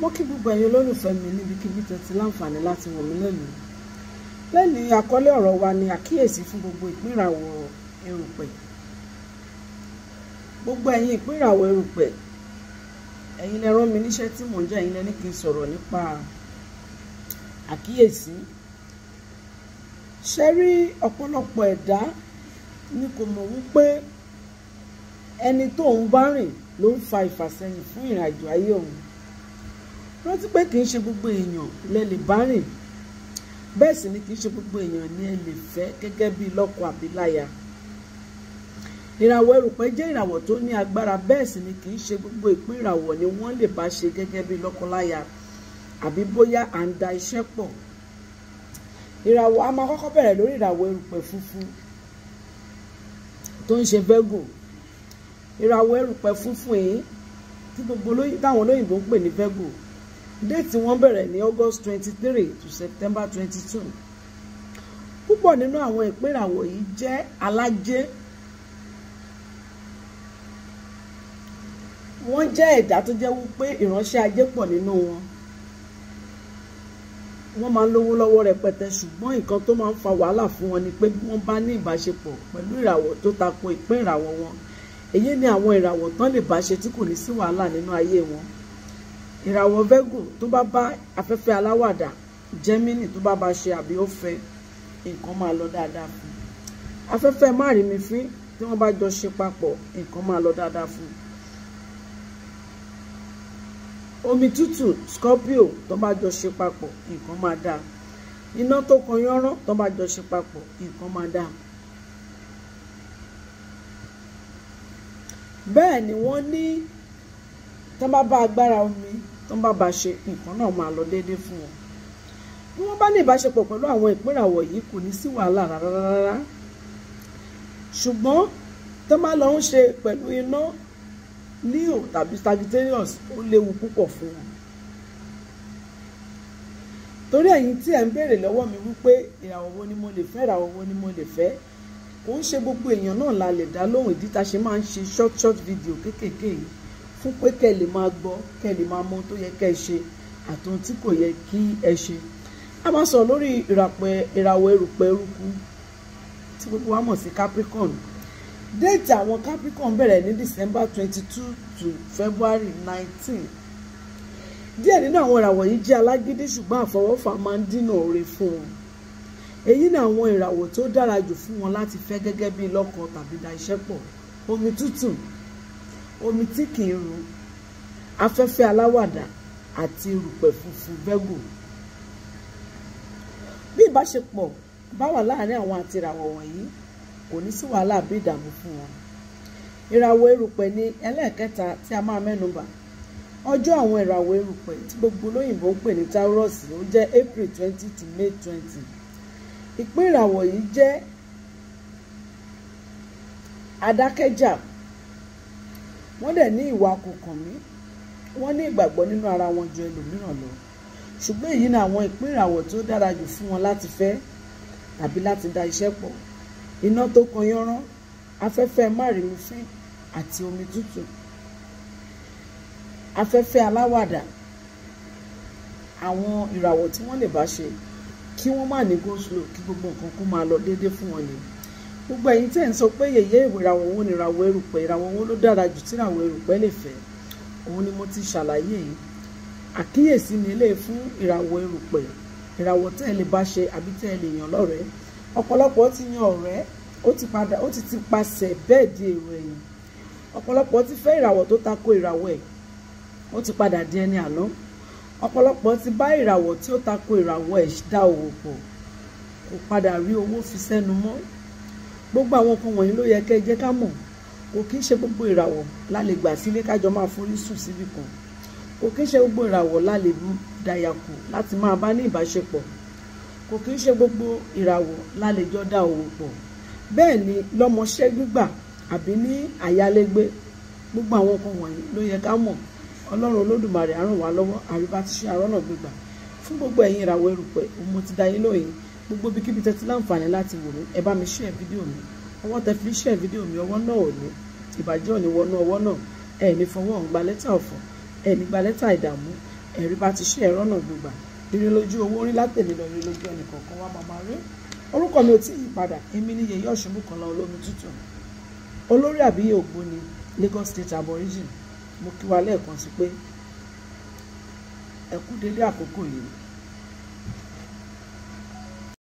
mo kí gbogbo ẹ̀yin olólùfẹ́ mi níbikíbi tó ti láǹfààní láti wò mí lónìí lónìí àkọlé ọ̀rọ̀ wa ni àkíyèsí fún gbogbo ìpínràwọ̀ erùpẹ̀ gbogbo ẹ̀yin ìpínràwọ̀ erùpẹ̀ ẹ̀yin lẹ rán mi níṣẹ́ tí mò ń jẹ́ ẹ̀yin lẹ ní kí n sọ̀rọ̀ nípa àkíyèsí ṣe rí ọ̀pọ̀lọpọ̀ ẹ̀dá ni kò mọ̀ wípé ẹni tó ń bá rìn ló ń fa ìfàsẹ́yìn fún ìrìnàjò ayé òun rántí pé kì í ṣe gbogbo èèyàn lẹ lè bá rìn bẹ́ẹ̀ sì ni kì í ṣe gbogbo èèyàn ni ẹ lè fẹ́ gẹ́gẹ́ bí lọ́kọ àbí ìràwọ̀ erùpẹ̀ jẹ́ ìràwọ̀ tó ní agbára bẹ́ẹ̀ sì ni kì í ṣe gbogbo ìpín ìràwọ̀ ni wọ́n lè bá ṣe gẹ́gẹ́ bí lọ́kọláya àbí bóyá à ń da iṣẹ́ pọ̀ ìràwọ̀ a máa kọ́kọ́ bẹ̀rẹ̀ lórí ìràwọ̀ erùpẹ̀ funfun tó ń ṣe Virgo ìràwọ̀ erùpẹ̀ funfun yìí tí gbogbo táwọn olóyìnbó ń pè ní Virgo déètì wọn bẹ̀rẹ̀ ní august twenty three to september twenty two púpọ̀ nínú àwọn ìpínràwọ̀ yìí jẹ́ alájẹ́ wọ́n jẹ́ ẹ̀dá tó jẹ́ wípé ìránṣẹ́ ajé pọ̀ nínú wọn wọ́n máa ń lówó lọ́wọ́ rẹpẹtẹ ṣùgbọ́n nǹkan tó máa ń fa wàhálà fún wọn ni pé wọ́n bá ní ìbáṣepọ̀ pẹ̀lú ìràwọ̀ tó tako ìpín ìràwọ̀ wọn èyí ni àwọn ìràwọ̀ tán lè bá ṣe tí kò ní sí wàhálà nínú ayé wọn ìràwọ̀ Virgo tó bá bá afẹ́fẹ́ aláwàdà Gemini tó bá bá ṣe àbí ó fẹ́ nǹkan máa lọ dáadáa fún un afẹ́fẹ́ márìmífín tí wọ́n bá jọ ṣe papọ̀ nǹkan máa lọ dáadáa fún un omi tútù Scorpio tó bá jọ ṣe papọ̀ nǹkan máa dáa iná tó kan yánrán tó bá jọ ṣe papọ̀ nǹkan máa dáa bẹ́ẹ̀ ni wọ́n ní tó bá agbára omi tó ń bá ba ṣe nǹkan náà máa lọ déédéé fún wọn bí wọ́n bá ní ìbáṣepọ̀ pẹ̀lú àwọn ìpínràwọ̀ yìí kò ní sí wàhálà rárá ṣùgbọ́n tó máa lọ ń ṣe pẹ̀lú iná leo tàbí sagittarius ó léwu púpọ̀ fún wọn torí ẹ̀yin tí ẹ̀ ń béèrè lọ́wọ́ mi wípé ìràwọ̀ wo ni mo lè fẹ́ ìràwọ̀ wo ni mo lè fẹ́ kò ń ṣe gbogbo èèyàn náà la lè dá lóhùn ìdí tá a ṣe máa ń ṣe short short video kéékèèké yìí fún pé kẹ́ lè máa gbọ́ kẹ́ lè máa mọ ohun tó yẹ kẹ́ ṣe àti ohun tí kò yẹ kí ẹ ṣe a máa sọ lórí ìràpẹ ìràwọ̀ erùpẹ̀ eruku tí gbogbo wa mọ̀ sí Capricorn déètì àwọn Capricorn bẹ̀rẹ̀ ní December twenty two to February nineteen díẹ̀ nínú àwọn ìràwọ̀ yìí jẹ́ alágídí ṣùgbọ́n àfọwọ́fà máa ń dínà oore fún wọn èyí ni àwọn ìràwọ̀ tó dára jù fún wọn láti fẹ́ gẹ́gẹ́ bí lọ́kọ tàbí da iṣẹ́ pọ̀ omi tútù omi tí kì í ru afẹ́fẹ́ aláwàdà àti erùpẹ̀ funfun vẹ́gù bí ìbáṣepọ̀ bá wà láàárín àwọn àti ìràwọ̀ wọ̀nyí kò ní sí wàhálà àbí ìdààmú fún wọn ìràwọ̀ erùpẹ̀ ni ẹlẹ́ẹ̀kẹta tí a máa mẹ́nubà ọjọ́ àwọn ìràwọ̀ erùpẹ̀ tí gbogbo olóyìnbó ń pè ní taurus ó jẹ́ april twenty to may twenty ìpín ìràwọ̀ yìí jẹ́ adákẹ́jà wọ́n dẹ̀ ní ìwà kòkànmí wọ́n ní ìgbàgbọ́ nínú ara wọn ju ẹlòmíràn lọ ṣùgbọ́n èyí ni àwọn ìpín ìràwọ̀ tó dára jù fún wọn láti fẹ́ tàbí láti dá iṣẹ́ pọ̀ iná tó kan yánrán afẹ́fẹ́ márìmífín àti omi tútù afẹ́fẹ́ aláwàdà àwọn ìràwọ̀ tí wọ́n lè bá ṣe kí wọ́n má ní go slow kí gbogbo nǹkan kó máa lọ déédéé fún wọn yìí gbogbo ẹ̀yin tẹ́ ń sọ pé yèyé ìràwọ̀ owó ni ìràwọ̀ erùpẹ̀ ìràwọ̀ owó ló dára jù tí ìràwọ̀ erùpẹ̀ lè fẹ́ òun ni mo ti ṣàlàyé yìí àkíyèsí ni ilé fún ìràwọ̀ erùpẹ̀ ìràwọ̀ tẹ́ ẹ lè bá ṣe àbí tẹ́ ẹ lè yàn lọ́rẹ̀ẹ́ ọ̀pọ̀lọpọ̀ ti yan ọ̀rẹ́ ó ti padà ó ti ti pasẹ̀ bẹ́ẹ̀ di èrò ẹ̀yìn ọ̀pọ̀lọpọ̀ ti fẹ́ ìràwọ̀ tó tako ìràwọ̀ ẹ̀ ó ti padà di ẹni àná ọ̀pọ̀lọpọ̀ ti bá ìràwọ̀ tí ó tako ìràwọ̀ ẹ̀ dá òwò pọ̀ kò padà rí owó fi sẹ́nu mọ́ gbogbo àwọn nǹkan wọ̀nyí ló yẹ kẹ́ ẹ jẹ́ ká mọ̀ kò kí ń ṣe gbogbo ìràwọ̀ la lè gbà sílé kájọ máa forí sùn síbi kan kò kí ń ṣe gbogbo ìràwọ̀ la lè dàyàkù láti máa bá ní ìbáṣepọ̀ kò kí ń ṣe gbogbo ìràwọ̀ la lè jọ dá òwò pọ̀ bẹ́ẹ̀ ni lọ́mọṣẹ́ gbígbà àbí ní àyálégbé gbogbo àwọn nǹkan wọ̀nyí ló yẹ ká mọ̀ ọlọ́run olódùmarè á ràn wá lọ́wọ́ ti ṣe àrọ́nà gbígbà fún gbogbo ẹ̀yin ìràwọ̀ erùpẹ̀ òun mo ti dá yín lóyìn gbogbo bí kíbi tẹ́tí láǹfààní láti wò mí ẹ bá mi ṣe fídíò mi ọwọ́ tẹ fi ṣe fídíò mi ọwọ́ náà ò ní ìbàjẹ́ ò ní wọnú ọwọ́ náà ẹ ní fọwọ́ ọ̀hún gba lẹ́tà ọ̀fọ̀ ẹ ní gba lẹ́tà ìdààmú ẹ̀rí bá ti ṣe ẹ̀rọ náà gbogbo rírí lójú owó rí látẹ̀mí lọ rí lójú ẹnì kọ̀ọ̀kan wá màmá rí orúkọ mi ò tí ì padà èmi ni yèyé ọ̀ṣunbùkọ́lá olómi tútù olórí àbíyè ògbóni Lagos State aborigine mo kí wa lẹ́ẹ̀kan sí pé ẹ délé àkókò yìí